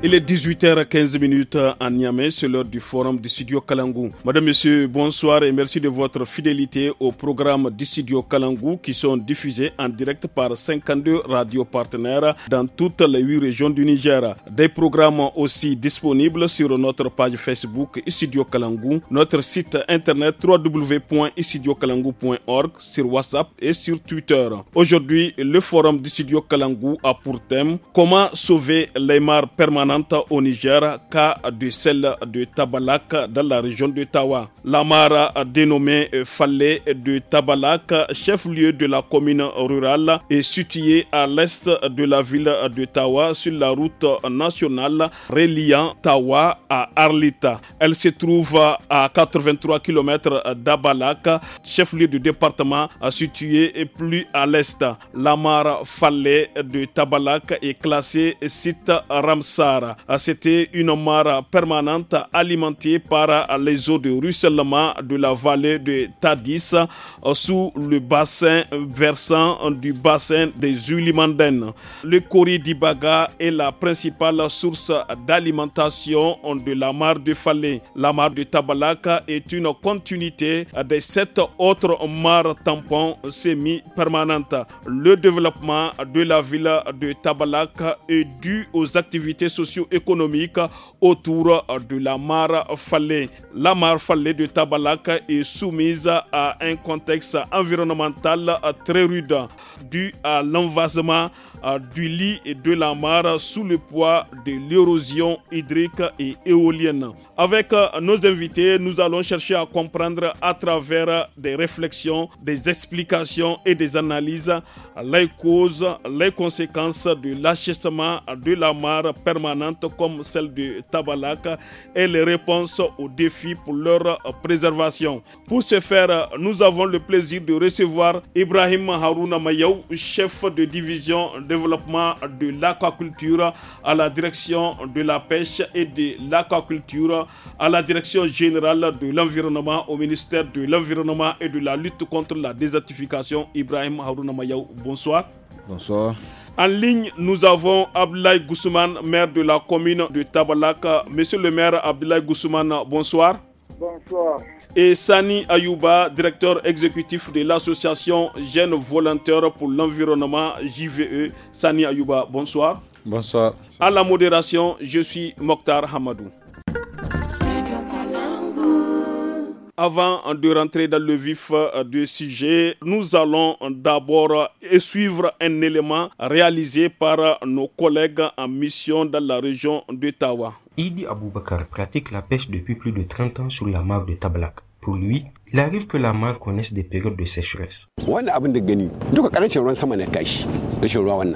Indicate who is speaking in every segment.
Speaker 1: Il est 18h15 à Niamey, c'est l'heure du forum du studio Kalangou. Madame, Monsieur, bonsoir et merci de votre fidélité au programme du studio Kalangou qui sont diffusés en direct par 52 radios partenaires dans toutes les 8 régions du Niger. Des programmes aussi disponibles sur notre page Facebook Studio Kalangou, notre site internet www.studiokalangu.org, sur WhatsApp et sur Twitter. Aujourd'hui, le forum du studio Kalangou a pour thème Comment sauver les mares permanentes au Niger, cas de celle de Tabalak dans la région de Tawa. Lamara, dénommé Fallé de Tabalak, chef-lieu de la commune rurale, est situé à l'est de la ville de Tawa sur la route nationale reliant Tawa à Arlita. Elle se trouve à 83 km d'Abalak, chef-lieu du département situé plus à l'est. La Lamara Fallé de Tabalak est classée site Ramsar. C'était une mare permanente alimentée par les eaux de ruissellement de la vallée de Tadis euh, sous le bassin versant du bassin des Ulimandaines. Le Kori d'Ibaga est la principale source d'alimentation de la mare de Falé. La mare de Tabalaka est une continuité des sept autres mares tampons semi-permanentes. Le développement de la ville de Tabalaka est dû aux activités sociales économique autour euh, de la mare Fallée. La mare Fallée de Tabalak est soumise à un contexte environnemental euh, très rude dû à l'envasement euh, du lit et de la mare sous le poids de l'érosion hydrique et éolienne. Avec euh, nos invités, nous allons chercher à comprendre à travers des réflexions, des explications et des analyses les causes, les conséquences de l'achèvement de la mare permanente comme celle de Tabalak et les réponses aux défis pour leur préservation. Pour ce faire, nous avons le plaisir de recevoir Ibrahim Harouna Mayou, chef de division développement de l'aquaculture à la direction de la pêche et de l'aquaculture à la Direction générale de l'environnement au ministère de l'Environnement et de la lutte contre la désertification, Ibrahim Harouna Bonsoir. Bonsoir. En ligne, nous avons Abdoulaye Goussouman, maire de la commune de Tabalak. Monsieur le maire Abdoulaye Goussouman, bonsoir. Bonsoir. Et Sani Ayouba, directeur exécutif de l'association Jeunes Volontaires pour l'Environnement, JVE. Sani Ayouba, bonsoir. Bonsoir. À la modération, je suis Mokhtar Hamadou. Avant de rentrer dans le vif euh, du sujet, nous allons d'abord suivre un élément réalisé par euh, nos collègues en mission dans la région d'Ottawa.
Speaker 2: Idi Aboubakar pratique la pêche depuis plus de 30 ans sur la mare de Tablac. Pour lui, il arrive que la mare connaisse des périodes de sécheresse.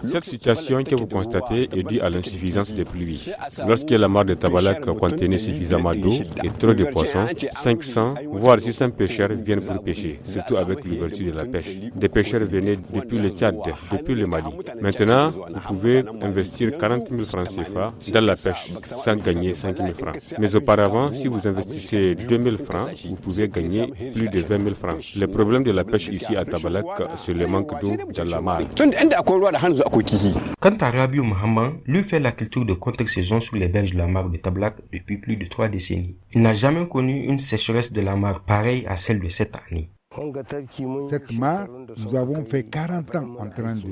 Speaker 2: Cette situation que vous constatez est due à l'insuffisance des pluies. Lorsque la mare de Tabalak contenait suffisamment d'eau et trop de poissons, 500 voire 600 pêcheurs viennent pour pêcher, surtout avec l'ouverture de la pêche. Des pêcheurs venaient depuis le Tchad, depuis le Mali. Maintenant, vous pouvez investir 40 000 francs CFA dans la pêche sans gagner 5 000 francs. Mais auparavant, si vous investissez 2 000 francs, vous pouvez gagner plus de 20 000 francs. Le problème de la pêche ici à Tabalak, c'est le manque d'eau dans la mare. Quant à Rabiou Mohamed, lui fait la
Speaker 3: culture de contre-saison sur les berges de la mare de Tabalak depuis plus de trois décennies. Il n'a jamais connu une sécheresse de la mare pareille à celle de cette année.
Speaker 4: Cette mare, nous avons fait 40 ans en train de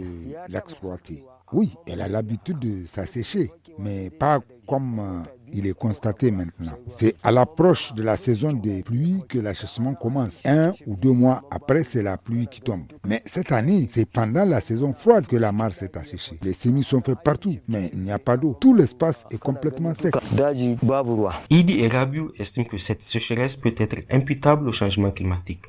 Speaker 4: l'exploiter. Oui, elle a l'habitude de s'assécher, mais pas comme il est constaté maintenant. C'est à l'approche de la saison des pluies que l'achèvement commence. Un ou deux mois après, c'est la pluie qui tombe. Mais cette année, c'est pendant la saison froide que la mare s'est asséchée. Les semis sont faits partout, mais il n'y a pas d'eau. Tout l'espace est complètement sec.
Speaker 3: Idi et Rabiou estiment que cette sécheresse peut être imputable au changement climatique.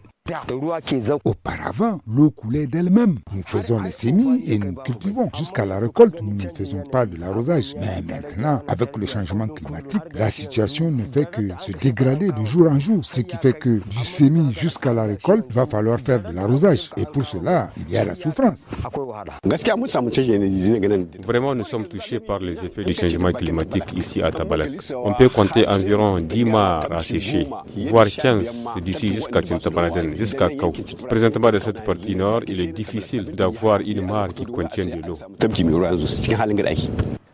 Speaker 4: Auparavant, l'eau coulait d'elle-même. Nous faisons les semis et nous cultivons. Jusqu'à la récolte, nous ne faisons pas de l'arrosage. Mais maintenant, avec le changement climatique, la situation ne fait que se dégrader de jour en jour. Ce qui fait que du semis jusqu'à la récolte, il va falloir faire de l'arrosage. Et pour cela, il y a la souffrance.
Speaker 2: Vraiment, nous sommes touchés par les effets du changement climatique ici à Tabalak. On peut compter environ 10 mares à sécher, voire 15 d'ici jusqu'à Tintabaladen. Présentement, dans cette partie nord, il est difficile d'avoir une mare qui contienne de l'eau.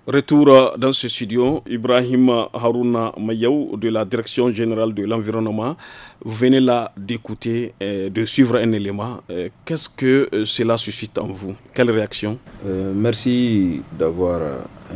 Speaker 1: Retour dans ce studio, Ibrahim Haruna Mayaou de la Direction générale de l'environnement. Vous venez là d'écouter, euh, de suivre un élément. Euh, qu'est-ce que euh, cela suscite en vous Quelle réaction
Speaker 3: Merci d'avoir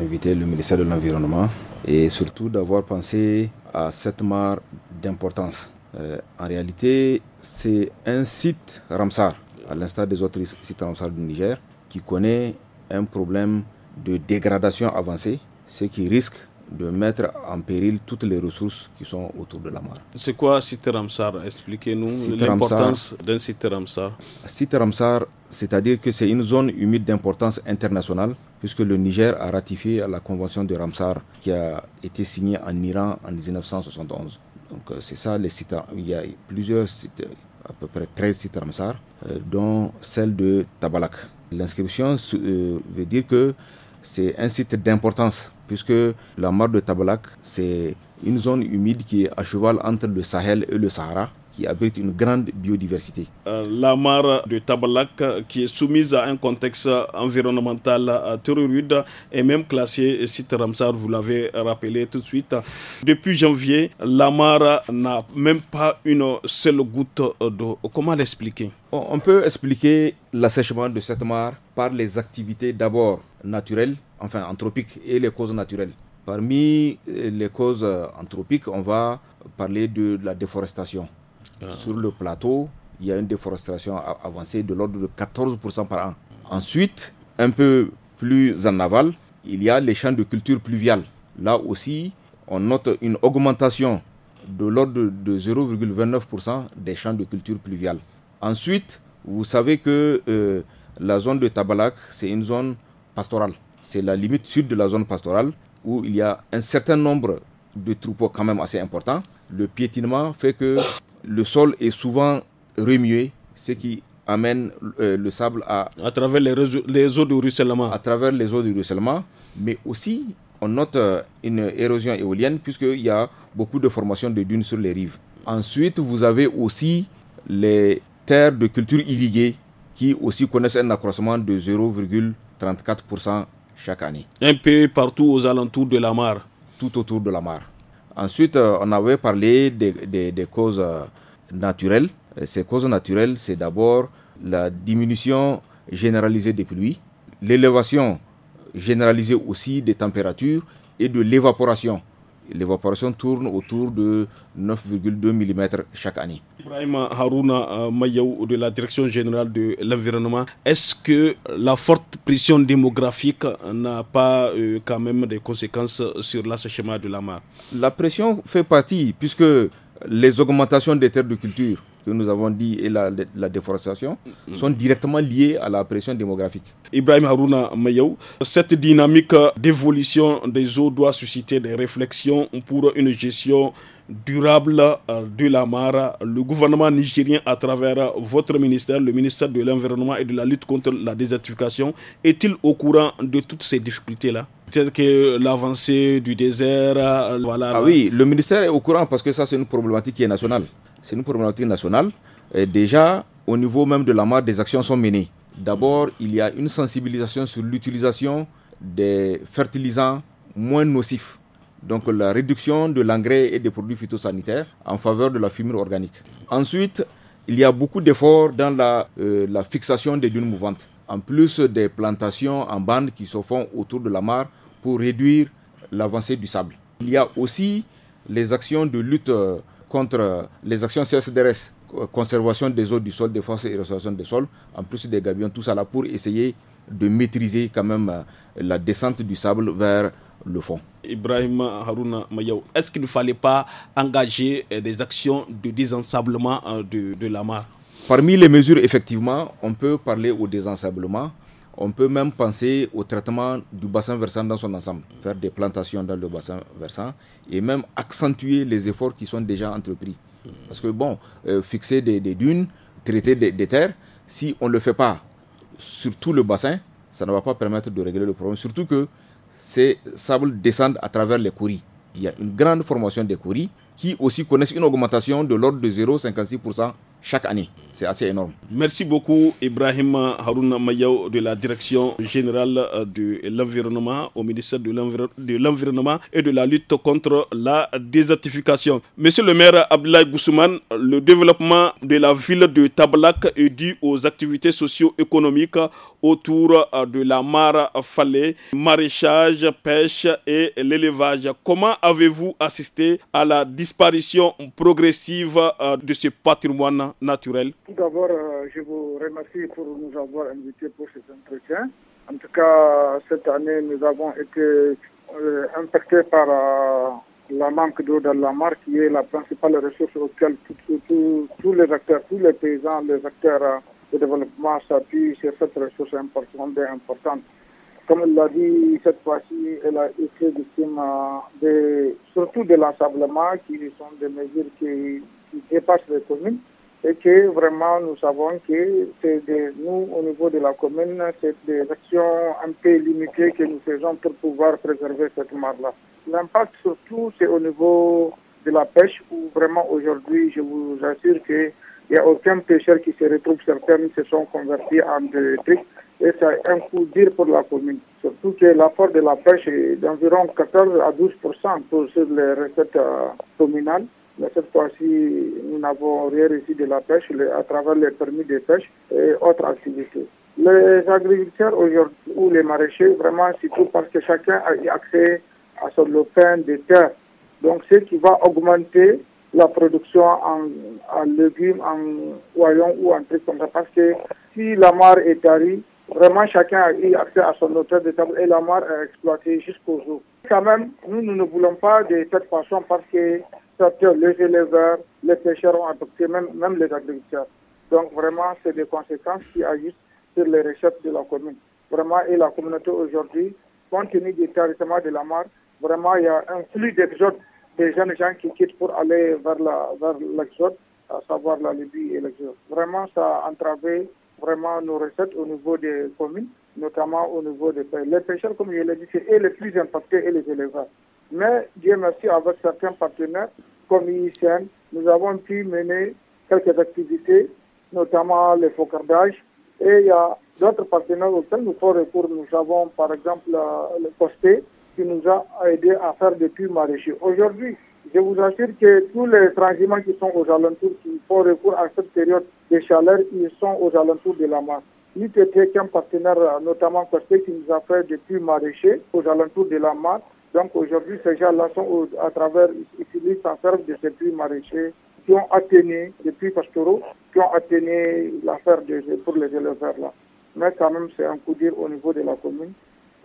Speaker 3: invité le ministère de l'Environnement et surtout d'avoir pensé à cette mare d'importance. Euh, en réalité, c'est un site Ramsar, à l'instar des autres sites Ramsar du Niger, qui connaît un problème de dégradation avancée, ce qui risque de mettre en péril toutes les ressources qui sont autour de la mare.
Speaker 1: C'est quoi site Ramsar Expliquez-nous l'importance d'un site Ramsar.
Speaker 3: Site Ramsar, c'est-à-dire que c'est une zone humide d'importance internationale, puisque le Niger a ratifié la convention de Ramsar qui a été signée en Iran en 1971. Donc euh, c'est ça les sites. Il y a plusieurs sites, à peu près 13 sites Ramsar, euh, dont celle de Tabalak. L'inscription euh, veut dire que c'est un site d'importance, puisque la mare de Tabalak, c'est une zone humide qui est à cheval entre le Sahel et le Sahara qui abrite une grande biodiversité.
Speaker 1: Euh, la mare de Tabalak, qui est soumise à un contexte environnemental euh, rude, est même classée site Ramsar, vous l'avez rappelé tout de suite. Depuis janvier, la mare n'a même pas une seule goutte d'eau. Comment l'expliquer On peut expliquer
Speaker 3: l'assèchement de cette mare par les activités d'abord naturelles, enfin anthropiques, et les causes naturelles. Parmi euh, les causes anthropiques, on va parler de la déforestation. Ah. Sur le plateau, il y a une déforestation avancée de l'ordre de 14% par an. Ensuite, un peu plus en aval, il y a les champs de culture pluviale. Là aussi, on note une augmentation de l'ordre de 0,29% des champs de culture pluviale. Ensuite, vous savez que euh, la zone de Tabalak, c'est une zone pastorale. C'est la limite sud de la zone pastorale où il y a un certain nombre de troupeaux quand même assez importants. Le piétinement fait que le sol est souvent remué, ce qui amène euh, le sable à... À travers les, eaux de ruissellement. À travers les eaux du ruissellement, mais aussi on note euh, une érosion éolienne puisqu'il y a beaucoup de formations de dunes sur les rives. Ensuite, vous avez aussi les terres de culture irriguées qui aussi connaissent un accroissement de 0,34% chaque année. Un peu partout aux alentours de la mare. Tout autour de la mare. Ensuite, euh, on avait parlé des, causes euh, naturelles. ces causes naturelles, c'est d'abord la diminution généralisée des pluies, l'élévation généralisée aussi des températures et de l'évaporation l'évaporation tourne autour de 9,2 mm chaque année.
Speaker 1: Ibrahim Harouna euh, Mayaou de la Direction générale de l'environnement, est-ce que la forte pression démographique n'a pas euh, quand même des conséquences sur l'assèchement de la mare La pression fait partie puisque les
Speaker 3: augmentations des terres de culture que nous avons dit et la, déforestation sont directement liées
Speaker 1: à la pression démographique. Ibrahim Haruna Mayou, cette dynamique d'évolution des eaux doit susciter des réflexions pour une gestion durable de la mare. Le gouvernement nigérien, à travers votre ministère, le ministère de l'Environnement et de la lutte contre la désertification, est-il au courant de toutes ces difficultés-là Peut-être que l'avancée du désert, Ah oui,
Speaker 3: le ministère est au courant parce que ça, c'est une problématique qui est nationale c'est une problématique nationale. déjà, au niveau même de la mare, des actions sont menées. D'abord, il y a une sensibilisation sur l'utilisation des fertilisants moins nocifs. Donc la réduction de l'engrais et des produits phytosanitaires en faveur de la fumure organique. Ensuite, il y a beaucoup d'efforts dans la, euh, fixation des dunes mouvantes, en plus des plantations en bande qui se font autour de la mare pour réduire l'avancée du sable. Il y a aussi les actions de lutte euh, contre les actions CSDRS, conservation des eaux du sol, défense et restauration des sols, en plus des gabions, tout ça là pour essayer de maîtriser quand même euh, la descente du sable vers le fond.
Speaker 1: Ibrahim Harouna Mayaou, est-ce qu'il ne fallait pas engager euh, des actions de désensablement euh, de la mare
Speaker 3: Parmi les mesures, effectivement, on peut parler au désensablement on peut même penser au traitement du bassin versant dans son ensemble, faire des plantations dans le bassin versant et même accentuer les efforts qui sont déjà entrepris. Parce que bon, euh, fixer des, dunes, traiter des, terres, si on ne le fait pas sur tout le bassin, ça ne va pas permettre de régler le problème. Surtout que ces sables descendent à travers les couris. Il y a une grande formation des couris qui aussi connaissent une augmentation de l'ordre de 0,56% chaque année. C'est assez énorme.
Speaker 1: Merci beaucoup Ibrahim Harouna Mayao de la Direction générale euh, de l'environnement au ministère de l'environnement et de la lutte contre la désertification. Monsieur le maire Abdoulaye Boussouman, le développement de la ville de Tablak est dû aux activités socio-économiques autour euh, de la mare fallée, maraîchage, pêche et l'élevage. Comment avez-vous assisté à la disparition progressive euh, de ce patrimoine naturel
Speaker 4: Tout d'abord, euh, je vous remercie pour nous avoir invités pour cet entretien. En tout cas, cette année, nous avons été euh, impactés par la manque d'eau dans la mare qui est la principale ressource auquel tous les acteurs, tous les paysans, les acteurs de développement s'appuient sur cette ressource importante et importante comme elle l'a dit, cette fois-ci, elle a été victime euh, surtout de l'ensablement, qui sont des mesures qui, dépassent les communes. Et que vraiment, nous savons que c'est nous, au niveau de la commune, c'est des actions un peu limitées que nous faisons pour pouvoir préserver cette mare-là. L'impact surtout, c'est au niveau de la pêche, où vraiment aujourd'hui, je vous assure qu'il n'y a aucun pêcheur qui se retrouve. Certains se sont convertis en des et ça a un coût dur pour la commune. Surtout que l'apport de la pêche est d'environ 14 à 12 pour les recettes euh, communales. Mais cette fois-ci, nous n'avons rien réussi de la pêche à travers les permis de pêche et autres activités. Les agriculteurs aujourd'hui, ou les maraîchers, vraiment, c'est tout parce que chacun a accès à son pain de terre. Donc, ce qui va augmenter la production en, en légumes, en oignons ou en trucs comme ça. Parce que si la mare est tarie, Vraiment, chacun a eu accès à son hôtel de table et la mare est exploitée jusqu'au jour. Quand même, nous, ne voulons pas de cette façon parce que les éleveurs, les pêcheurs ont adopté, même, même les agriculteurs. Donc vraiment, c'est des conséquences qui agissent sur les recettes de la commune. Vraiment, et la communauté aujourd'hui, compte tenu du de la mare, vraiment, il y a un flux d'exode des jeunes gens qui quittent pour aller vers l'exode, vers à savoir la Libye et l'exode. Vraiment, ça a entravé vraiment nos recettes au niveau des communes, notamment au niveau des Les pêcheurs, comme je l'ai dit, c'est les plus impactés et les éleveurs. Mais Dieu merci, avec certains partenaires comme nous avons pu mener quelques activités, notamment les focardages. Et il y a d'autres partenaires auxquels nous faisons recours. Nous avons par exemple le Posté qui nous a aidé à faire des puits maraîchers. Aujourd'hui, je vous assure que tous les transiments qui sont aux alentours, qui font recours à cette période de chaleur, ils sont aux alentours de la masse. Il était un partenaire, euh, notamment parce qui nous a fait depuis maraîcher, aux alentours de la masse. Donc aujourd'hui, ces gens-là sont à travers, ils utilisent, s'en de ces puits maraîchers qui ont atteigné, depuis puits qui ont atteigné l'affaire pour les éleveurs là. Mais quand même, c'est un coup dur au niveau de la commune.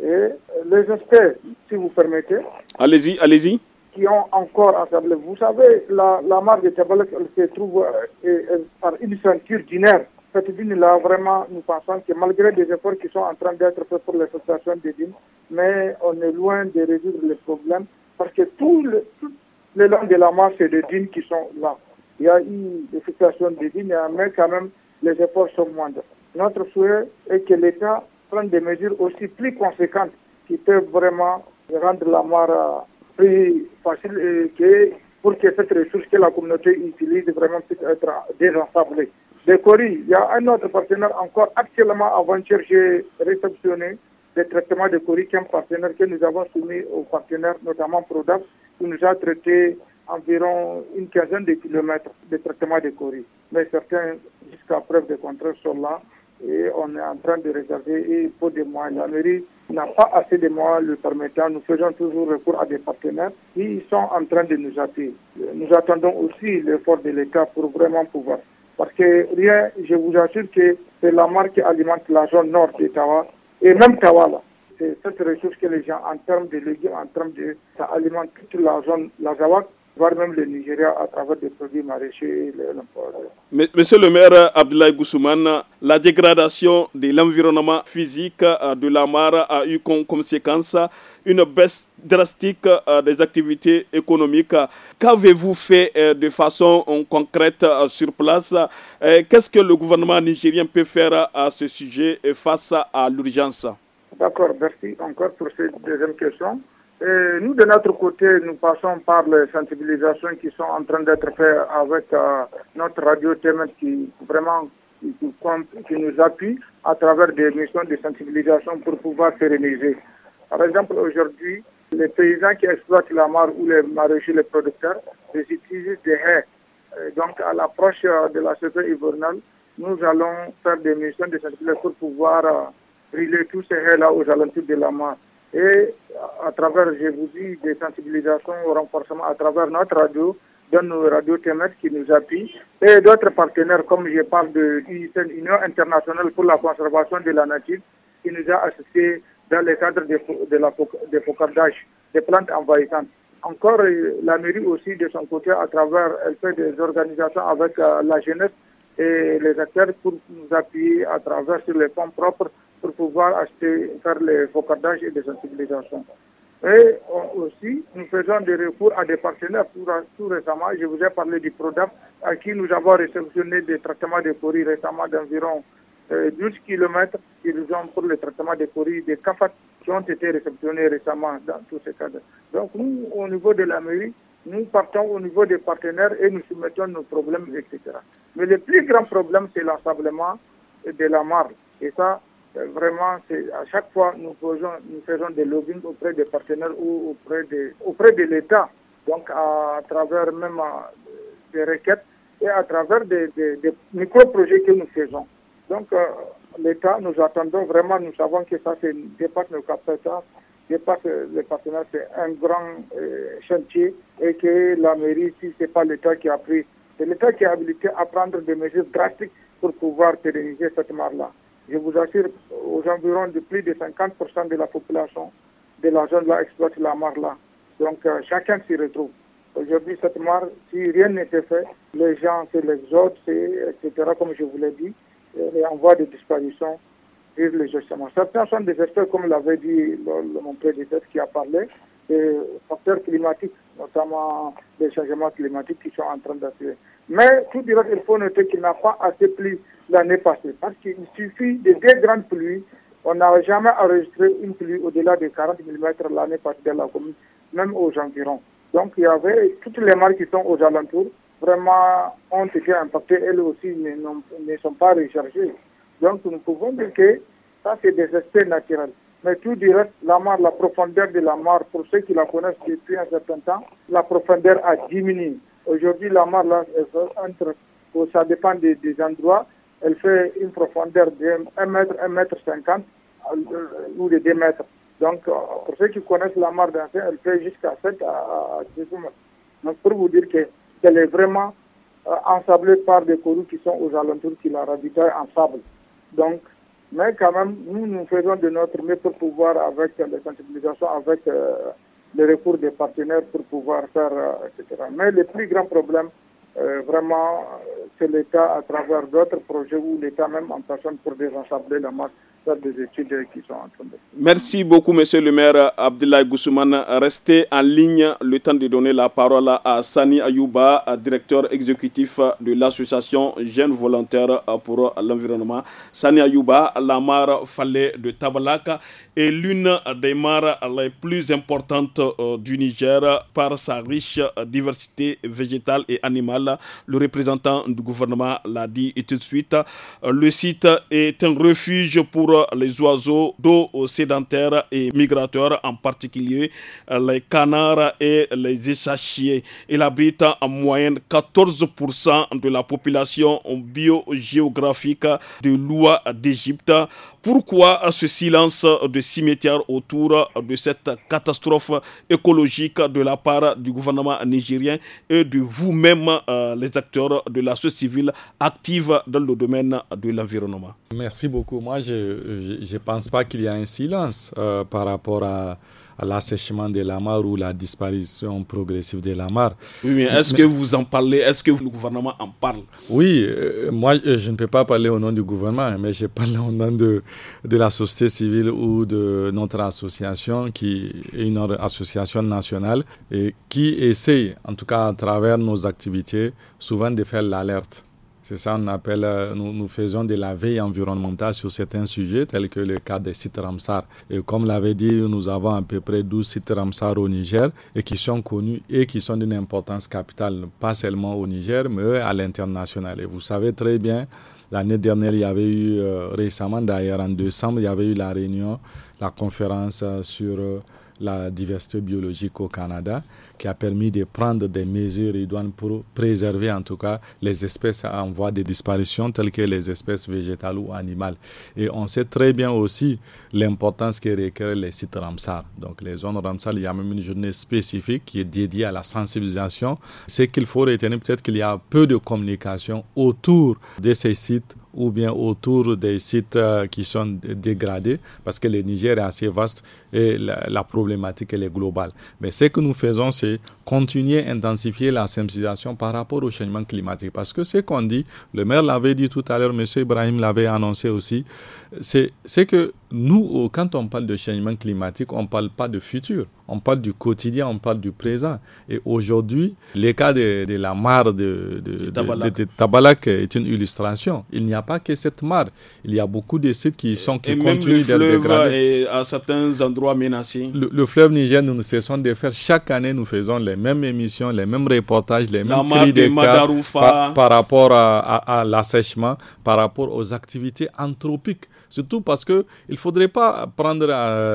Speaker 4: Et euh, les experts, si vous permettez.
Speaker 1: Allez-y, allez-y
Speaker 4: qui ont encore ensemble. Vous savez, la, la mare de Tabalek, elle se trouve euh, euh, par une ceinture d'inaire. Cette dune-là, vraiment, nous pensons que malgré des efforts qui sont en train d'être faits pour les situations des dunes, mais on est loin de résoudre le problème parce que tout le, tout de la marche c'est des dunes qui sont là. Il y a eu des situations de dunes, mais quand même, les efforts sont moindres. Notre souhait est que l'État prenne des mesures aussi plus conséquentes qui peuvent vraiment rendre la mare euh, plus e, facile et que pour que cette ressource que la communauté utilise vraiment puisse être désensablée. Les coris, il y a un autre partenaire encore actuellement avant de chercher réceptionné des traitements de Cori, qui est un partenaire que nous avons soumis aux partenaires, notamment Prodap, qui nous a traité environ une quinzaine de kilomètres de traitement de Cori. Mais certains, jusqu'à preuve de contraire, sont là et on est en train de réserver, et pour des moyens. à mairie n'a pas assez de moyens le permettant. Nous faisons toujours recours à des partenaires qui sont en train de nous appuyer. Euh, nous attendons aussi l'effort de l'État pour vraiment pouvoir. Parce que rien, je vous assure que c'est la marque qui alimente la zone nord de Tawa, et même là. C'est cette ressource que les gens, en termes de légumes, en termes de, ça alimente toute la zone, la Zawak, voire même le Nigeria à travers des produits maraîchers
Speaker 1: et Monsieur le maire Abdoulaye Goussouman, la dégradation de l'environnement physique euh, de la mare a eu comme conséquence une baisse drastique euh, des activités économiques. Qu'avez-vous fait euh, de façon concrète sur place Qu'est-ce que le gouvernement nigérien peut faire à ce sujet face à l'urgence
Speaker 4: D'accord, merci encore pour cette deuxième question nous, de notre côté, nous passons par les sensibilisations qui sont en train d'être faites avec euh, notre radio thème qui vraiment qui, nous appuie à travers des missions de sensibilisation pour pouvoir pérenniser. Par exemple, aujourd'hui, les paysans qui exploitent la mare ou les maraîchers, les producteurs, ils utilisent des haies. donc, à l'approche euh, de la saison hivernale, nous allons faire des missions de sensibilisation pour pouvoir euh, brûler tous ces haies-là aux alentours de la mare et à travers, je vous dis, des sensibilisations au renforcement à travers notre radio, dans nos radios TMS qui nous appuient, et d'autres partenaires, comme je parle de l'Union internationale pour la conservation de la nature, qui nous a associés dans le cadre de, la, des des plantes envahissantes. Encore, euh, la mairie aussi, de son côté, à travers, elle fait des organisations avec euh, la jeunesse et les acteurs pour nous appuyer à travers sur les fonds propres pour pouvoir acheter, faire les focardages et des sensibilisations. Et euh, aussi, nous faisons des recours à des partenaires. Tout, tout, récemment, je vous ai parlé du PRODAP, à qui nous avons réceptionné des traitements de coris récemment d'environ 12 euh, km. nous ont pour le traitement de coris des CAFAT qui ont été réceptionnés récemment dans tous ces cadres. Donc nous, au niveau de la mairie, nous partons au niveau des partenaires et nous soumettons nos problèmes, etc. Mais le plus grand problème, c'est l'assablement de la marge. Et ça, vraiment, à chaque fois, nous, faisons, nous faisons des lobbying auprès des partenaires ou auprès de, auprès de l'État, donc à, travers même euh, des requêtes et à travers des, micro-projets que nous faisons. Donc, euh, l'État, nous attendons vraiment, nous savons que ça dépasse nos capacités, dépasse les partenaires, c'est un grand euh, chantier et que la mairie, si ce n'est pas l'État qui a pris, c'est l'État qui a habilité à prendre des mesures drastiques pour pouvoir téléviser cette mare-là je vous assure, aux environs de plus de 50% de la population de la zone là exploite la mare là. Donc euh, chacun s'y retrouve. Aujourd'hui, cette mare, si rien n'était fait, les gens, c'est autres, etc., comme je vous l'ai dit, et en voie de disparition, vivent les justement. Certains sont des espèces, comme l'avait dit mon prédécesseur qui a parlé, des facteurs climatiques, notamment des changements climatiques qui sont en train d'attirer. Mais tout suite, il faut noter qu'il n'a pas assez plu l'année passée. Parce qu'il suffit de deux grandes pluies. On n'a jamais enregistré une pluie au-delà de 40 mm l'année passée dans la commune, même aux environs. Donc il y avait toutes les marques qui sont aux alentours, vraiment ont été impactées, elles aussi ne, sont pas rechargées. Donc nous pouvons dire que ça c'est des aspects naturels. Mais tout du reste, la mare, la profondeur de la mare, pour ceux qui la connaissent depuis un certain temps, la profondeur a diminué. Aujourd'hui, la mare, là, ça dépend des, endroits, elle fait une profondeur de 1 mètre, 1 mètre 50 euh, ou de 2 mètres. Donc, euh, pour ceux qui connaissent la mare d'Ancien, elle fait jusqu'à 7 à 10 mètres. Donc, pour vous dire qu'elle est vraiment euh, ensablée par des courroux qui sont aux alentours, qui la ravitaillent en sable. Donc, mais quand même, nous, nous faisons de notre mieux pour pouvoir, avec les sensibilisations, avec le recours des partenaires pour pouvoir faire, euh, etc. Mais le plus grand problème, euh, vraiment, euh, c'est l'État à travers d'autres projets ou l'État même en personne pour désensabler la masse des études qui sont en
Speaker 1: Merci beaucoup, monsieur le maire Abdoulaye Goussoumane. Restez en ligne le temps de donner la parole à Sani Ayouba, directeur exécutif de l'association Jeunes Volontaires pour l'Environnement. Sani Ayouba, la mare Fallait de Tabalaka est l'une des mares les plus importantes euh, du Niger par sa riche diversité végétale et animale. Le représentant du gouvernement l'a dit tout de suite. Le site est un refuge pour les oiseaux d'eau sédentaires et migrateurs, en particulier euh, les canards et les essachiers. Il habite en moyenne 14% de la population biogéographique de l'Oua d'Égypte. Pourquoi ce silence de cimetière autour de cette catastrophe écologique de la part du gouvernement nigérien et de vous-même, euh, les acteurs de la société civile active dans le domaine de l'environnement
Speaker 5: Merci beaucoup. Moi, je ne pense pas qu'il y a un silence euh, par rapport à à l'assèchement de la mare ou la disparition progressive de la mare. Oui, mais est-ce que vous en
Speaker 1: parlez Est-ce que le gouvernement en parle
Speaker 5: Oui, euh, moi euh, je ne peux pas parler au nom du gouvernement, hein, mais je parle au nom de, de la société civile ou de notre association qui est une association nationale et qui essaye, en tout cas à travers nos activités, souvent de faire l'alerte. C'est ça, on appelle, euh, nous, faisons de la veille environnementale sur certains sujets, tels que le cas des sites Ramsar. Et comme l'avait dit, nous avons à peu près 12 sites Ramsar au Niger et qui sont connus et qui sont d'une importance capitale, pas seulement au Niger, mais à l'international. Et vous savez très bien, L'année dernière, il y avait eu, euh, récemment d'ailleurs, en décembre, il y avait eu la réunion, la conférence euh, sur la diversité biologique au Canada, qui a permis de prendre des mesures idoines pour préserver en tout cas les espèces en voie de disparition, telles que les espèces végétales ou animales. Et on sait très bien aussi l'importance que requièrent les sites Ramsar. Donc les zones Ramsar, il y a même une journée spécifique qui est dédiée à la sensibilisation. C'est qu'il faut retenir, peut-être qu'il y a peu de communication autour de ces sites ou bien autour des sites euh, qui sont dégradés, parce que le Niger est assez vaste et la, problématique est globale. Mais ce que nous faisons, c'est continuer à intensifier la sensibilisation par rapport au changement climatique, parce que ce qu'on dit, le maire l'avait dit tout à l'heure, M. Ibrahim l'avait annoncé aussi, c'est que nous, quand on parle de changement climatique, on ne parle pas de futur, on parle du quotidien, on parle du présent. Et aujourd'hui, le cas de, la mare de, de, Tabalak. est une illustration. Il n'y a pas que cette mare, il y a beaucoup de sites qui sont qui et continuent d'être dégradés.
Speaker 1: Et à certains endroits menacés.
Speaker 5: Le, fleuve Niger, nous ne cessons de faire. Chaque année, nous faisons les mêmes émissions, les mêmes reportages, les mêmes cris de par, par, rapport à l'assèchement, par rapport aux activités anthropiques Surtout parce qu'il ne faudrait pas prendre euh,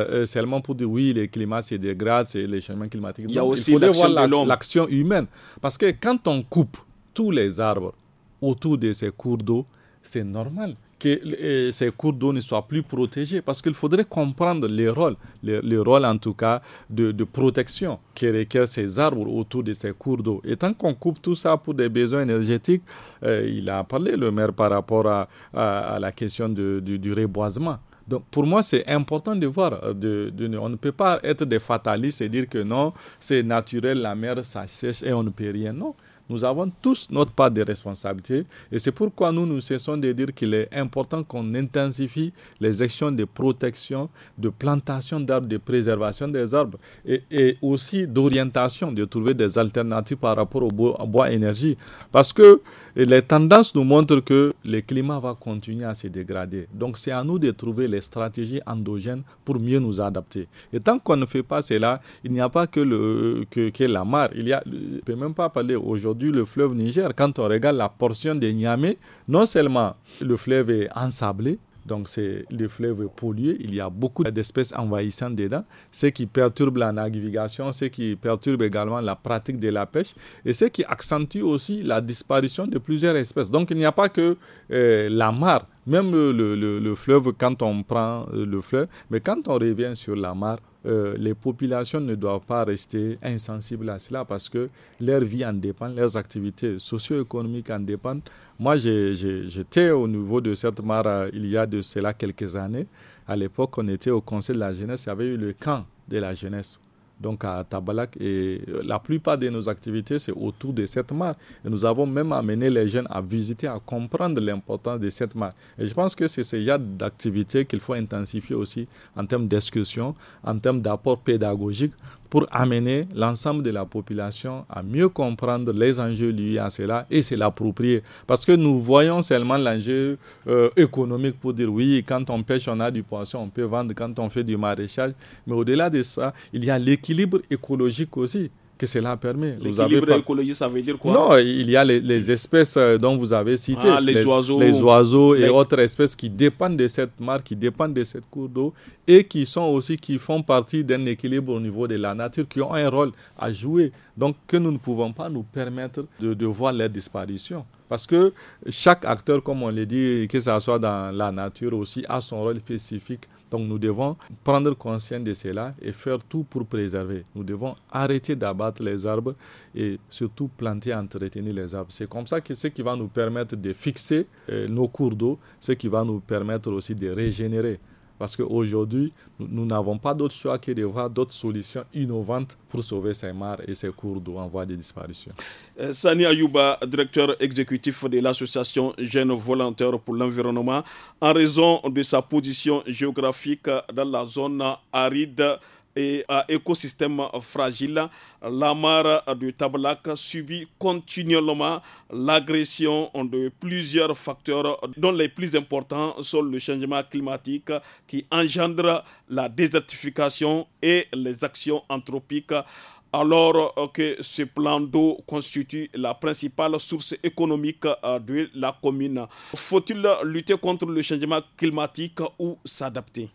Speaker 5: euh, seulement pour dire oui, le climat se dégrade, c'est les changements climatiques. Il y a l'action humaine. Parce que quand on coupe tous les arbres autour de ces cours d'eau, c'est normal que euh, ces cours d'eau ne soient plus protégés, parce qu'il faudrait comprendre les rôles, les, rôles en tout cas de, protection que requièrent ces arbres autour de ces cours d'eau. Et tant qu'on coupe tout ça pour des besoins énergétiques, euh, il a parlé le maire par rapport à, la question du, reboisement. Donc pour moi, c'est important de voir. Euh, on ne peut pas être des fatalistes et dire que non, c'est naturel, la mer s'assèche et on ne peut rien. Non, nous avons tous notre part de responsabilité et c'est pourquoi nous nous cessons de dire qu'il est important qu'on intensifie les actions de protection, de plantation d'arbres, de préservation des arbres et, aussi d'orientation, de trouver des alternatives par rapport au bois, énergie. Parce que les tendances nous montrent que le climat va continuer à se dégrader. Donc c'est à nous de trouver les stratégies endogènes pour mieux nous adapter. Et tant qu'on ne fait pas cela, il n'y a pas que, la mare. Il y a, je ne peux même pas parler aujourd'hui le fleuve Niger, quand on regarde la portion de Niamey, non seulement le fleuve est ensablé, donc c'est le fleuve est pollué, il y a beaucoup d'espèces envahissantes dedans, ce qui perturbe la navigation, ce qui perturbe également la pratique de la pêche et ce qui accentue aussi la disparition de plusieurs espèces. Donc il n'y a pas que euh, la mare même le, fleuve, quand on prend euh, le fleuve, mais quand on revient sur la mare, euh, les populations ne doivent pas rester insensibles à cela parce que leur vie en dépend, leurs activités socio-économiques en dépendent. Moi, j'étais au niveau de cette mare euh, il y a de cela quelques années. À l'époque, on était au Conseil de la jeunesse, il y avait eu le camp de la jeunesse donc à Tabalak. Et euh, la plupart de nos activités, c'est autour de cette mare. Et nous avons même amené les jeunes à visiter, à comprendre l'importance de cette mare. Et je pense que c'est ce genre d'activité qu'il faut intensifier aussi en termes d'excursion, en termes d'apport pédagogique, pour amener l'ensemble de la population à mieux comprendre les enjeux liés à cela et se l'approprier. Parce que nous voyons seulement l'enjeu euh, économique pour dire oui, quand on pêche, on a du poisson, on peut vendre, quand on fait du maraîchage. Mais au-delà de ça, il y a l'équilibre écologique aussi que cela permet. L'équilibre écologique, ça veut dire quoi Non, il y a les, espèces euh, dont vous avez cité. Ah, les, oiseaux. Les oiseaux et autres espèces qui dépendent de cette mare, qui dépendent de cette cour d'eau et qui sont aussi, qui font partie d'un équilibre au niveau de la nature, qui ont un rôle à jouer. Donc, que nous ne pouvons pas nous permettre de, de voir leur disparition. Parce que chaque acteur, comme on l'a dit, que ce soit dans la nature aussi, a son rôle spécifique donc nous devons prendre conscience de cela et faire tout pour préserver. Nous devons arrêter d'abattre les arbres et surtout planter, et entretenir les arbres. C'est comme ça que ce qui va nous permettre de fixer euh, nos cours d'eau, ce qui va nous permettre aussi de régénérer parce qu'aujourd'hui, nous n'avons pas d'autre choix que de voir d'autres solutions innovantes pour sauver ces mares et ces cours d'eau en voie de disparition.
Speaker 1: Euh, Sani Ayouba, directeur exécutif de l'association Jeunes Volontaires pour l'Environnement, en raison de sa position géographique dans la zone aride et à écosystème fragile, la mare du Tablac subit continuellement l'agression de plusieurs facteurs, dont les plus importants sont le changement climatique qui engendre la désertification et les actions anthropiques alors que ce plan d'eau constitue la principale source économique euh, de la commune. Faut-il lutter contre le changement climatique ou
Speaker 5: s'adapter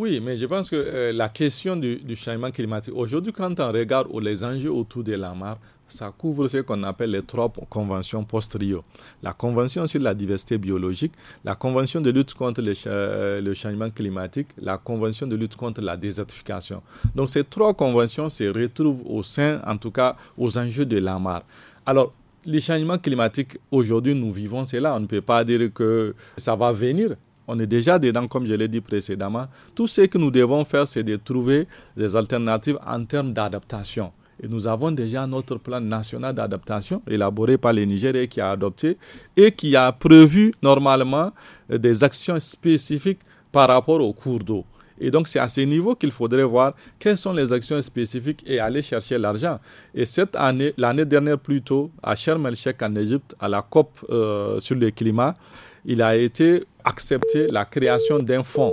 Speaker 5: oui, mais je pense que euh, la question du, changement climatique, aujourd'hui, quand on regarde les enjeux autour de la mare, ça couvre ce qu'on appelle les trois conventions post-Rio. La convention sur la diversité biologique, la convention de lutte contre euh, le, changement climatique, la convention de lutte contre la désertification. Donc ces trois conventions se retrouvent au sein, en tout cas, aux enjeux de la mare. Alors, les changements climatiques, aujourd'hui, nous vivons cela. On ne peut pas dire que ça va venir on est déjà dedans, comme je l'ai dit précédemment. Tout ce que nous devons faire, c'est de trouver des alternatives en termes d'adaptation. Et nous avons déjà notre plan national d'adaptation élaboré par le Nigériens qui a adopté et qui a prévu normalement euh, des actions spécifiques par rapport au cours d'eau. Et donc, c'est à ce niveau qu'il faudrait voir quelles sont les actions spécifiques et aller chercher l'argent. Et cette année, l'année dernière plutôt, à Sharm el-Sheikh en Égypte, à la COP euh, sur le climat, il a été accepté la création d'un fonds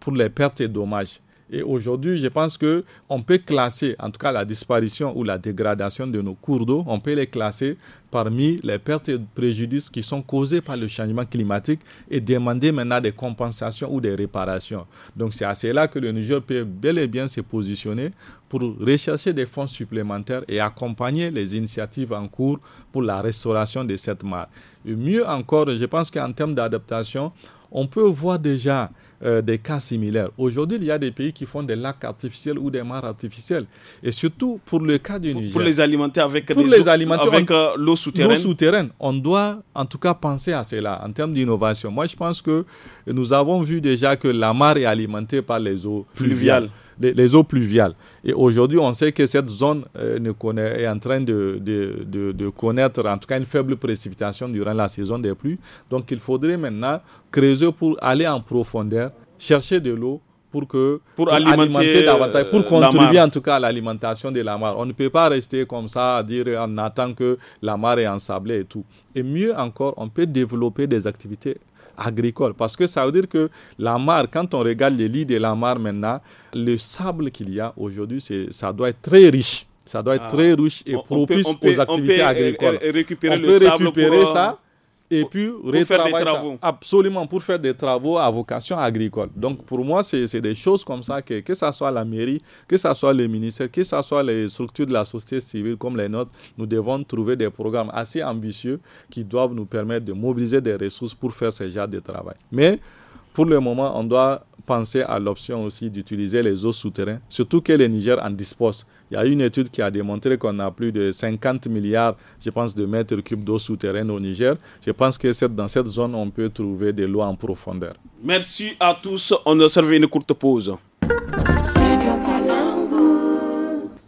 Speaker 5: pour les pertes et dommages et aujourd'hui, je pense que on peut classer, en tout cas la disparition ou la dégradation de nos cours d'eau, on peut les classer parmi les pertes et préjudices qui sont causés par le changement climatique et demander maintenant des compensations ou des réparations. Donc c'est à cela que le Niger peut bel et bien se positionner pour rechercher des fonds supplémentaires et accompagner les initiatives en cours pour la restauration de cette mare. mieux encore, je pense qu'en termes d'adaptation, on peut voir déjà euh, des cas similaires. Aujourd'hui, il y a des pays qui font des lacs artificiels ou des mares artificielles. Et surtout, pour le cas du Niger. Pour les alimenter
Speaker 1: avec, avec euh, l'eau souterraine.
Speaker 5: souterraine. On doit, en tout cas, penser à cela en termes d'innovation. Moi, je pense que nous avons vu déjà que la mare est alimentée par les eaux pluviales. Les, eaux pluviales. Et aujourd'hui, on sait que cette zone euh, ne connaît, est en train de, de, de, connaître, en tout cas, une faible précipitation durant la saison des pluies. Donc, il faudrait maintenant creuser pour aller en profondeur chercher de l'eau pour que pour, alimenter, davantage, pour euh, contribuer en tout cas à l'alimentation de la mare. On ne peut pas rester comme ça à dire on attend que la mare est ensablée et tout. Et mieux encore, on peut développer des activités agricoles. Parce que ça veut dire que la mare, quand on regarde les lits de la mare maintenant, le sable qu'il y a aujourd'hui, ça doit être très riche. Ça doit être ah. très riche et propice aux activités on peut agricoles. Récupérer le récupérer sable euh, ça et puis des travaux. absolument pour faire des travaux à vocation agricole. Donc pour moi, c'est des choses comme ça que que ça soit la mairie, que ce soit le ministère, que ce soit les structures de la société civile comme les nôtres, nous devons trouver des programmes assez ambitieux qui doivent nous permettre de mobiliser des ressources pour faire ce genre de travail. Mais pour le moment, on doit penser à l'option aussi d'utiliser les eaux souterraines, surtout que le Niger en dispose. Il y a une étude qui a démontré qu'on a plus de 50 milliards, je pense, de mètres cubes d'eau souterraine au Niger. Je pense que dans cette zone, on peut trouver des lois en profondeur.
Speaker 1: Merci à tous. On observe une courte pause.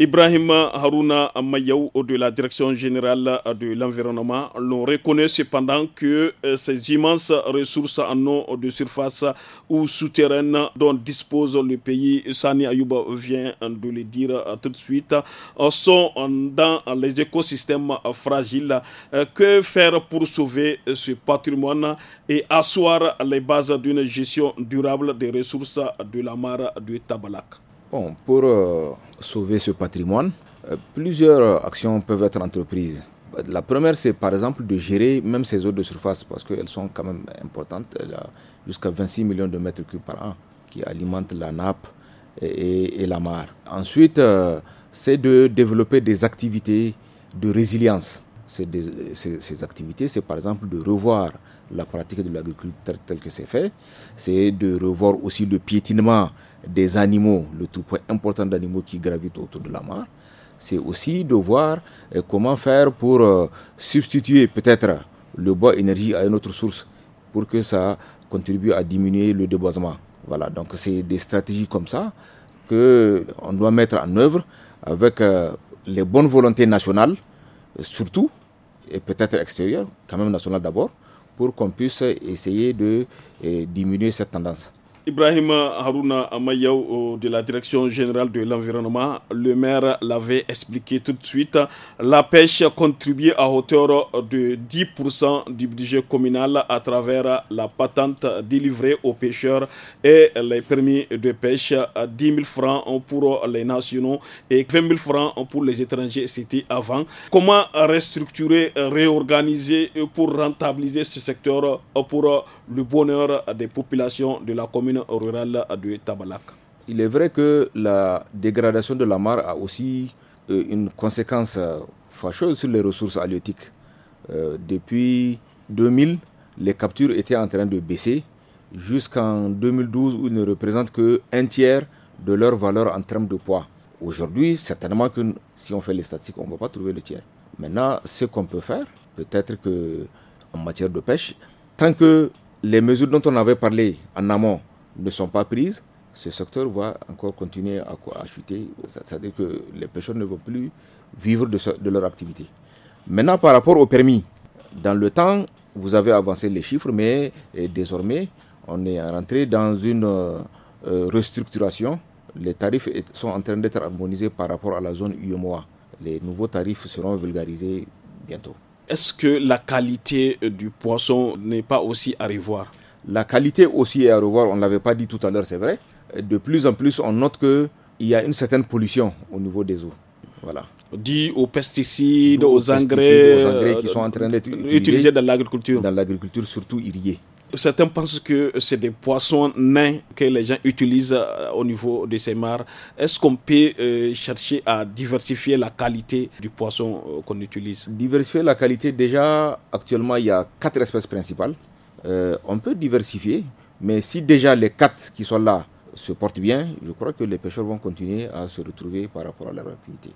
Speaker 1: Ibrahim Haruna Mayaou de la Direction générale de l'environnement l'on reconnaît cependant que euh, ces immenses ressources en eau de surface ou souterraines dont dispose le pays, Sani Ayouba vient de le dire euh, tout de suite, euh, sont dans les écosystèmes fragiles. Que faire pour sauver ce patrimoine et asseoir les bases d'une gestion durable des ressources de la mare de Tabalak
Speaker 3: pour euh, sauver ce patrimoine, euh, plusieurs euh, actions peuvent être entreprises. Bah, la première, c'est par exemple de gérer même ces eaux de surface parce qu'elles sont quand même importantes, jusqu'à 26 millions de mètres cubes par an qui alimentent la nappe et, la mare. Ensuite, c'est de développer des activités de résilience. ces, ces, activités, c'est par exemple de revoir la pratique de l'agriculture telle que c'est fait, c'est de revoir aussi le piétinement des animaux, le tout point important d'animaux qui gravitent autour de la mare, c'est aussi de voir euh, comment faire pour euh, substituer peut-être le bois énergie à une autre source pour que ça contribue à diminuer le déboisement. Voilà, donc c'est des stratégies comme ça que on doit mettre en œuvre avec euh, les bonnes volontés nationales, surtout, et peut-être extérieures, quand même nationales d'abord, pour qu'on puisse essayer de diminuer cette tendance.
Speaker 1: Ibrahim Haruna Amayaou euh, de la Direction générale de l'environnement, le maire l'avait expliqué tout de suite, la pêche contribue à hauteur de 10% du budget communal à travers la patente délivrée aux pêcheurs et les permis de pêche, 10 000 francs pour les nationaux et 20 000 francs pour les étrangers, c'était avant. Comment restructurer, réorganiser pour rentabiliser ce secteur pour le bonheur des populations de la commune rurale de Tabalak.
Speaker 3: Il est vrai que la dégradation de la mare a aussi euh, une conséquence euh, fâcheuse sur les ressources halieutiques. Euh, depuis 2000, les captures étaient en train de baisser jusqu'en 2012 où ils ne représentent que un tiers de leur valeur en termes de poids. Aujourd'hui, certainement que si on fait les statistiques, on ne va pas trouver le tiers. Maintenant, ce qu'on peut faire, peut-être que en matière de pêche, tant que les mesures dont on avait parlé en amont ne sont pas prises, ce secteur va encore continuer à, chuter. C'est-à-dire que les pêcheurs ne vont plus vivre de, leur activité. Maintenant, par rapport au permis, dans le temps, vous avez avancé les chiffres, mais eh, désormais, on est rentré dans une euh, euh, restructuration. Les tarifs sont en train d'être harmonisés par rapport à la zone UMOA. Les nouveaux tarifs seront vulgarisés
Speaker 1: bientôt. Est-ce que la qualité
Speaker 3: euh, du poisson n'est pas aussi à revoir La qualité aussi est à revoir, on ne l'avait pas dit tout à l'heure, c'est vrai. De plus en plus, on note qu'il y a une certaine pollution au niveau des eaux.
Speaker 1: Voilà. Dit aux pesticides, aux, engrais, aux qui sont en train euh, d'être utilisés dans l'agriculture. Dans l'agriculture, surtout irriguée. Certains pensent que c'est des poissons nains que les gens utilisent euh, au niveau de ces mares. Est-ce qu'on peut euh, chercher à diversifier la qualité du poisson euh, qu'on utilise Diversifier la qualité, déjà, actuellement, il y a
Speaker 3: quatre espèces principales. on peut diversifier, mais si déjà les quatre qui sont là se portent bien, je crois que les pêcheurs vont continuer à se retrouver par rapport à leur activité.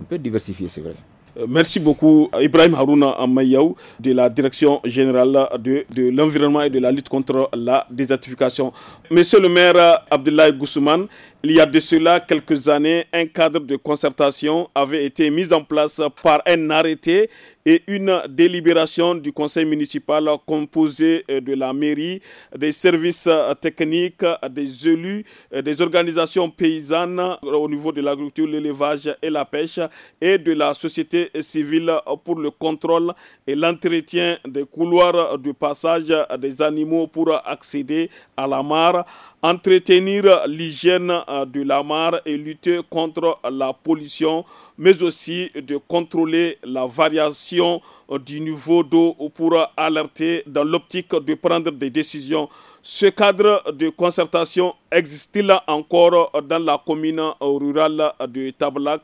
Speaker 3: On peut diversifier, c'est vrai.
Speaker 1: Euh, merci beaucoup Ibrahim Harouna Ammayaou de la direction générale de, l'environnement et de la lutte contre la désertification. Monsieur le maire Abdoulaye Goussouman, il y a de cela quelques années, un cadre de concertation avait été mis en place par un arrêté et une délibération du conseil municipal composé euh, de la mairie, des services euh, techniques, des élus, euh, des organisations paysannes au niveau de l'agriculture, l'élevage et la pêche et de la société civile pour le contrôle et l'entretien des couloirs de passage des animaux pour accéder à la mare, entretenir l'hygiène de la mare et lutter contre la pollution mais aussi de contrôler la variation euh, du niveau d'eau pour alerter dans l'optique de prendre des décisions. Ce cadre de concertation existe-t-il encore euh, dans la commune euh, rurale de Tablac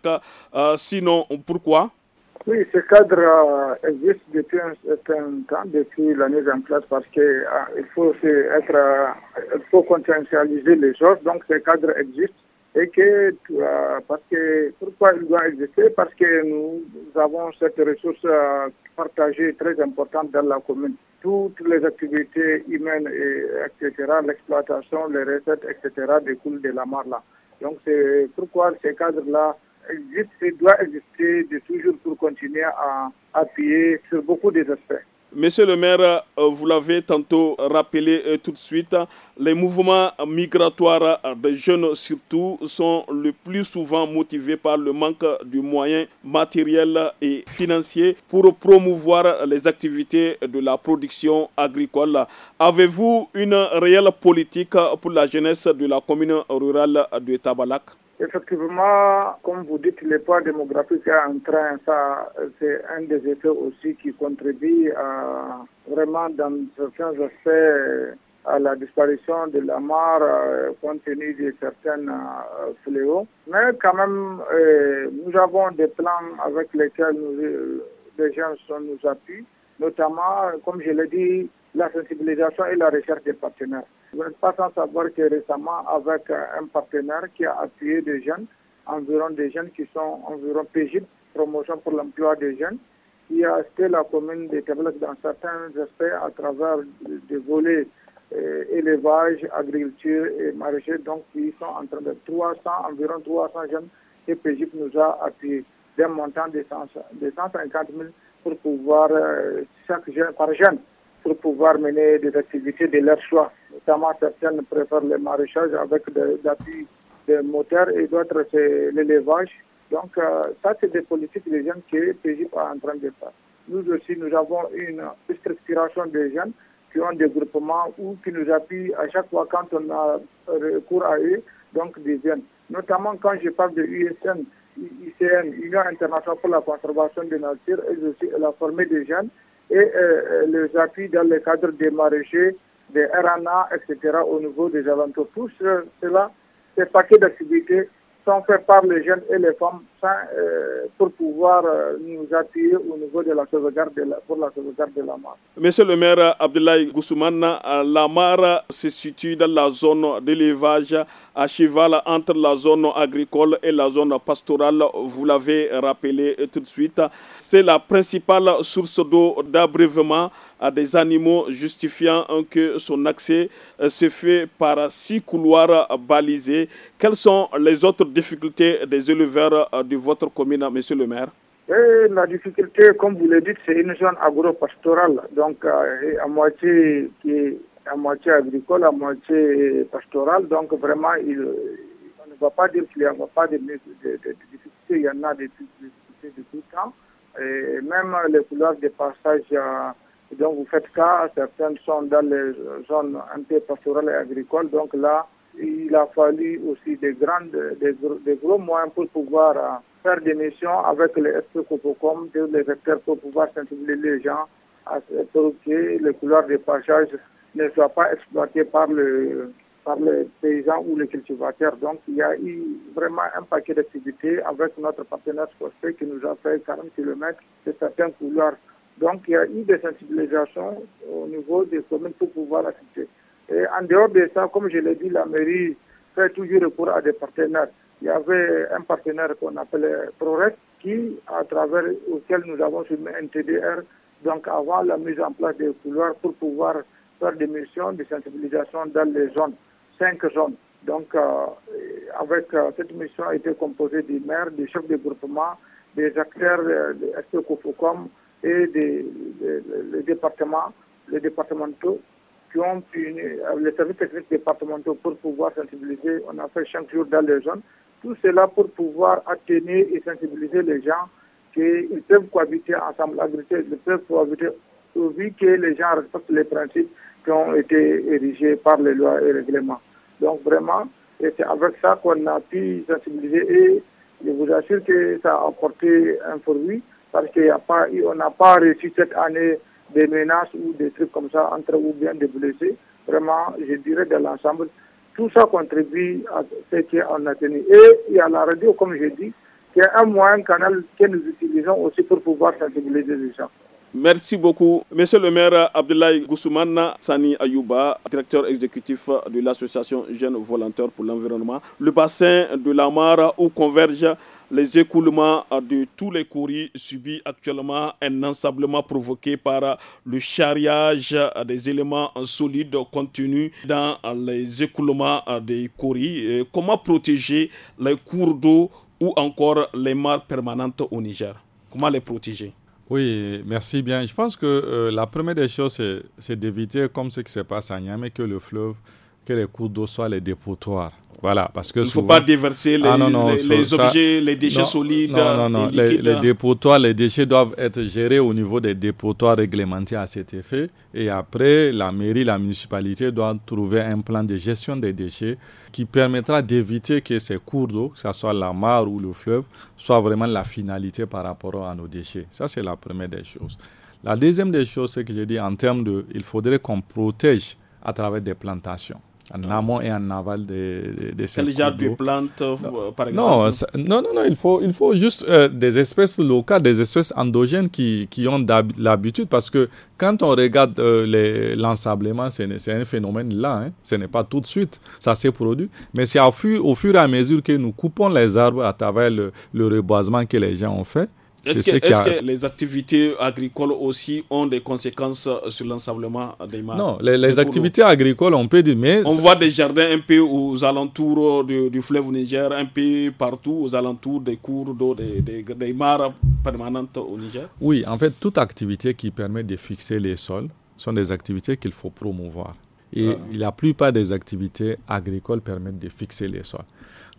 Speaker 1: Sinon, pourquoi
Speaker 4: oui, ce cadre existe depuis un certain temps, depuis l'année mise en place, parce qu'il faut, être, il faut les choses. Donc, ce cadre existe et que, parce que, pourquoi il doit exister Parce que nous, avons cette ressource euh, partagée très importante dans la commune. Toutes les activités humaines, et, etc., l'exploitation, les recettes, etc., découlent de la mare là. Donc c'est pourquoi ces cadres-là existent et doivent exister de toujours pour continuer à appuyer sur beaucoup des aspects.
Speaker 1: Monsieur le maire, euh, vous l'avez tantôt rappelé euh, tout de suite, les mouvements migratoires des jeunes surtout sont le plus souvent motivés par le manque de moyens matériels et financiers pour promouvoir les activités de la production agricole. Avez-vous une réelle politique pour la jeunesse de la commune rurale de Tabalak
Speaker 4: Effectivement, comme vous dites, les poids démographiques en train, ça, c'est un des effets aussi qui contribue vraiment dans certains aspects à la disparition de la mare euh, compte tenu de certains euh, fléaux. Mais quand même, euh, nous avons des plans avec lesquels nous, les gens sont, nous appuient, notamment, comme je l'ai dit, la sensibilisation et la recherche des partenaires. Vous n'êtes pas sans savoir que récemment, avec un partenaire qui a appuyé des jeunes, environ des jeunes qui sont environ PGIP, promotion pour l'emploi des jeunes, qui a acheté la commune de Québec dans certains aspects à travers des volets euh, élevage, agriculture et marché. donc qui sont en train de 300, environ 300 jeunes et PGIP nous a appuyés d'un montant de, 150 000 pour pouvoir, euh, chaque jeune, par jeune, pour pouvoir mener des activités de leur choix. Notamment, certaines préfèrent le maraîchage avec l'appui des moteurs et d'autres, c'est l'élevage. Donc, euh, ça, c'est des politiques des jeunes qui est en train de faire. Nous aussi, nous avons une structuration des jeunes qui ont des groupements ou qui nous appuient à chaque fois quand on a recours à eux, donc des jeunes. Notamment quand je parle de USN, ICN, Union internationale pour la conservation des natures, elles aussi, elle a formé des jeunes et euh, euh, les appuis dans le cadre des maraîchers, des RNA, etc. au niveau des alentours. Tout euh, cela, ces paquets d'activités sont faits par les jeunes et les femmes euh, pour pouvoir euh, nous appuyer au niveau de la sauvegarde de pour la sauvegarde de la mare.
Speaker 1: Monsieur le maire Abdoulaye Goussoumana, la mare se situe dans la zone d'élevage à cheval entre la zone agricole et la zone pastorale. Vous l'avez rappelé tout de suite. C'est la principale source d'eau d'abreuvement à des animaux justifiant que son accès euh, se fait par six couloirs balisés. Quelles sont les autres difficultés des éleveurs euh, de votre commune, monsieur le maire
Speaker 4: eh, la difficulté, comme vous le dites, c'est une zone agro-pastorale, donc euh, à moitié qui à moitié agricole, à moitié pastorale. Donc vraiment, il, on ne va pas dire qu'il n'y a pas de, difficultés, il y en a des difficultés de tout temps. Et même les couloirs de passage... à donc vous faites cas, certaines sont dans les zones un pastorales et agricoles. Donc là, il a fallu aussi des, grandes, des, gros moyens pour pouvoir euh, faire des missions avec les SPCOPOCOM, les secteurs pour pouvoir sensibiliser les gens à ce que les couleurs de passage ne soient pas exploitées par, le, par les paysans ou les cultivateurs. Donc il y a eu vraiment un paquet d'activités avec notre partenaire forcé qui nous a fait 40 km de certains couloirs donc, il y a eu des sensibilisations au niveau des communes pour pouvoir assister. Et en dehors de ça, comme je l'ai dit, la mairie fait toujours recours à des partenaires. Il y avait un partenaire qu'on appelait ProRest, qui, à travers auquel nous avons soumis un TDR, donc avoir la mise en place des couloirs pour pouvoir faire des missions de sensibilisation dans les zones, cinq zones. Donc, euh, avec euh, cette mission a été composée des maires, des chefs de groupement, des acteurs euh, de SPCOFOCOM, et des, les départements, les départementaux qui ont pu, euh, les services techniques départementaux pour pouvoir sensibiliser. On a fait chaque jour dans les zones. Tout cela pour pouvoir atténuer et sensibiliser les gens qu'ils peuvent cohabiter ensemble, ils peuvent cohabiter vu que les gens respectent les principes qui ont été érigés par les lois et règlements. Donc vraiment, c'est avec ça qu'on a pu sensibiliser et je vous assure que ça a apporté un fruit parce qu'on a pas, on n'a pas reçu cette année des menaces ou des trucs comme ça entre ou bien des blessés. Vraiment, je dirais de l'ensemble, tout ça contribue à ce qu'on a tenu. Et il y a la radio, comme je dis, qui est un moyen canal
Speaker 1: que nous utilisons aussi pour pouvoir sensibiliser les gens. Merci beaucoup. Monsieur le maire Abdoulaye Goussoumana Sani Ayouba, directeur exécutif de l'association Jeunes Volontaires pour l'Environnement, le bassin de la Mara où Converge les écoulements euh, de tous les courriers subissent actuellement un ensablement provoqué par euh, le charriage euh, des éléments solides contenus dans les écoulements des courriers. Comment protéger les cours d'eau ou encore les mares permanentes au Niger Comment les protéger
Speaker 5: oui, merci bien. Je pense que la première des choses, c'est d'éviter, comme ce qui se passe à Niamey, que le fleuve que les cours d'eau soient les dépotoirs. Voilà, parce que Il ne faut pas déverser les, ah, objets, les déchets solides. Non, non, les, les, les, les déchets doivent être gérés au niveau des dépotoirs réglementés à cet effet. Et après, la mairie, la municipalité doit trouver un plan de gestion des déchets qui permettra d'éviter que ces cours d'eau, que ce soit la mare ou le fleuve, soient vraiment la finalité par rapport à nos déchets. Ça, c'est la première des choses. La deuxième des choses, c'est que j'ai dit en termes de, il faudrait qu'on protège à travers des plantations en amont et en aval de, de, Quel genre de
Speaker 1: plantes, euh, par exemple
Speaker 5: non, non, non, il faut, il faut juste euh, des espèces locales, des espèces endogènes qui, qui ont l'habitude parce que quand on regarde euh, l'ensablement, c'est un phénomène là, hein. ce n'est pas tout de suite, ça s'est produit, mais c'est au, au fur, et à mesure que nous coupons les arbres à travers le reboisement que les gens ont fait, est-ce que,
Speaker 1: les activités agricoles aussi ont des conséquences euh, sur l'ensablement des mares Non, les, activités
Speaker 5: agricoles, on peut dire, mais... On
Speaker 1: voit des jardins un peu aux alentours euh, du, du fleuve Niger, un peu partout aux alentours des cours d'eau, des, mares permanentes au Niger
Speaker 5: Oui, en fait, toute activité qui permet de fixer les sols sont des activités qu'il faut promouvoir. Et ah. la plupart des activités agricoles permettent de fixer les sols.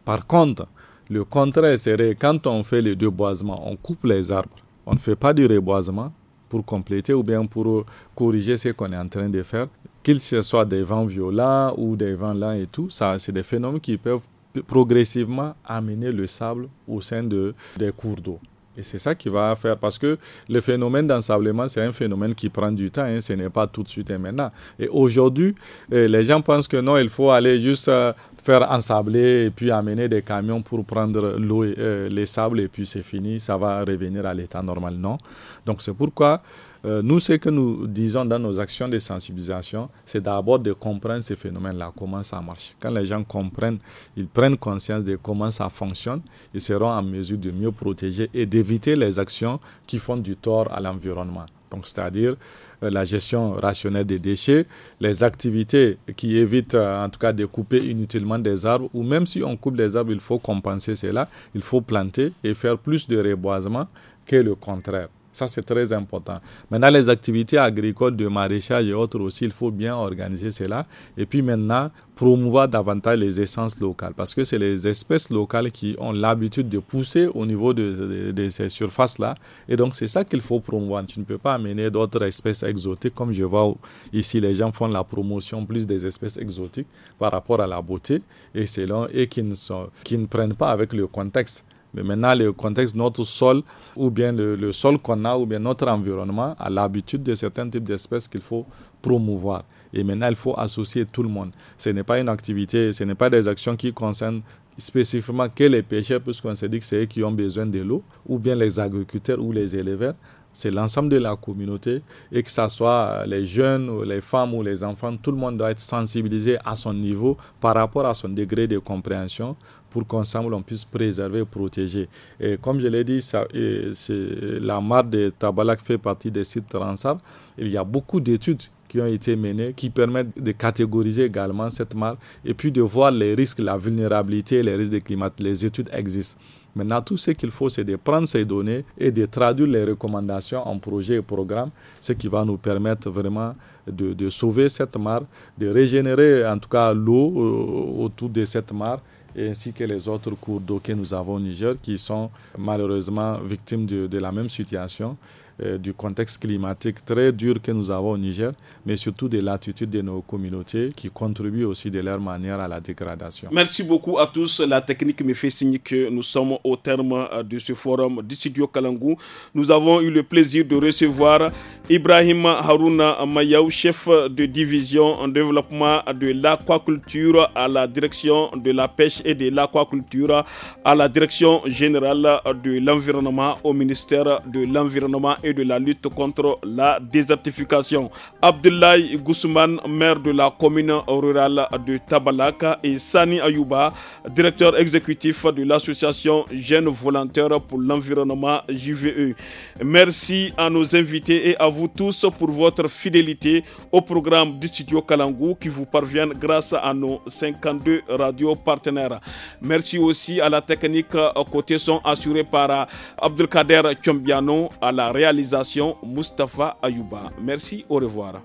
Speaker 5: Par contre, le contraire serait quand on fait le déboisement, on coupe les arbres. On ne fait pas du reboisement pour compléter ou bien pour corriger ce qu'on est en train de faire. Qu'il soit des vents violents ou des vents lents et tout, ça, c'est des phénomènes qui peuvent progressivement amener le sable au sein de, des cours d'eau. Et c'est ça qui va faire, parce que le phénomène d'ensablement, c'est un phénomène qui prend du temps, hein, ce n'est pas tout de suite et maintenant. Et aujourd'hui, eh, les gens pensent que non, il faut aller juste euh, faire ensabler et puis amener des camions pour prendre l'eau, euh, les sables et puis c'est fini, ça va revenir à l'état normal. Non. Donc c'est pourquoi euh, nous, ce que nous disons dans nos actions de sensibilisation, c'est d'abord de comprendre ces phénomènes-là, comment ça marche. Quand les gens comprennent, ils prennent conscience de comment ça fonctionne, ils seront en mesure de mieux protéger et d'éviter les actions qui font du tort à l'environnement. Donc, c'est-à-dire euh, la gestion rationnelle des déchets, les activités qui évitent euh, en tout cas de couper inutilement des arbres, ou même si on coupe des arbres, il faut compenser cela, il faut planter et faire plus de reboisement que le contraire. Ça, c'est très important. Maintenant, les activités agricoles de maraîchage et autres aussi, il faut bien organiser cela. Et puis maintenant, promouvoir davantage les essences locales, parce que c'est les espèces locales qui ont l'habitude de pousser au niveau de, ces surfaces-là. Et donc, c'est ça qu'il faut promouvoir. Tu ne peux pas amener d'autres espèces exotiques, comme je vois ici, les gens font la promotion plus des espèces exotiques par rapport à la beauté, et, et qui ne prennent pas avec le contexte. Mais maintenant, le contexte notre sol, ou bien le, le sol qu'on a, ou bien notre environnement, a l'habitude de certains types d'espèces qu'il faut promouvoir. Et maintenant, il faut associer tout le monde. Ce n'est pas une activité, ce n'est pas des actions qui concernent spécifiquement que les pêcheurs, puisqu'on s'est dit que c'est eux qui ont besoin de l'eau, ou bien les agriculteurs ou les éleveurs. C'est l'ensemble de la communauté, et que ce soit les jeunes, ou les femmes ou les enfants, tout le monde doit être sensibilisé à son niveau par rapport à son degré de compréhension pour qu'ensemble on puisse préserver et protéger. Et comme je l'ai dit, ça, la mare de Tabalak fait partie des sites transables. Il y a beaucoup d'études qui ont été menées, qui permettent de catégoriser également cette mare et puis de voir les risques, la vulnérabilité, les risques de climat. Les études existent. Maintenant, tout ce qu'il faut, c'est de prendre ces données et de traduire les recommandations en projets et programmes, ce qui va nous permettre vraiment de sauver cette mare, de régénérer en tout cas l'eau euh, autour de cette mare ainsi que les autres cours d'eau que nous avons au Niger qui sont malheureusement victimes de la même situation. Euh, du contexte climatique très dur que nous avons au Niger, mais surtout de l'attitude de nos communautés qui contribuent aussi de leur manière à la dégradation.
Speaker 1: Merci beaucoup à tous. La technique me fait signe que nous sommes au terme euh, de ce forum du studio Nous avons eu le plaisir de recevoir Ibrahim Harouna Mayaou, chef de division en développement de l'aquaculture à la direction de la pêche et de l'aquaculture à la direction générale de l'environnement au ministère de l'environnement de la lutte contre la désertification. Abdoulaye Goussouman, maire de la commune rurale de Tabalaka, et Sani Ayouba, directeur exécutif de l'association Jeunes Volontaires pour l'Environnement JVE. Merci à nos invités et à vous tous pour votre fidélité au programme du studio Kalangou qui vous parvient grâce à nos 52 radios partenaires. Merci aussi à la technique côté son assurée par Abdelkader Tchombiano, à la réalisation Réalisation Mustapha Ayouba. Merci, au revoir.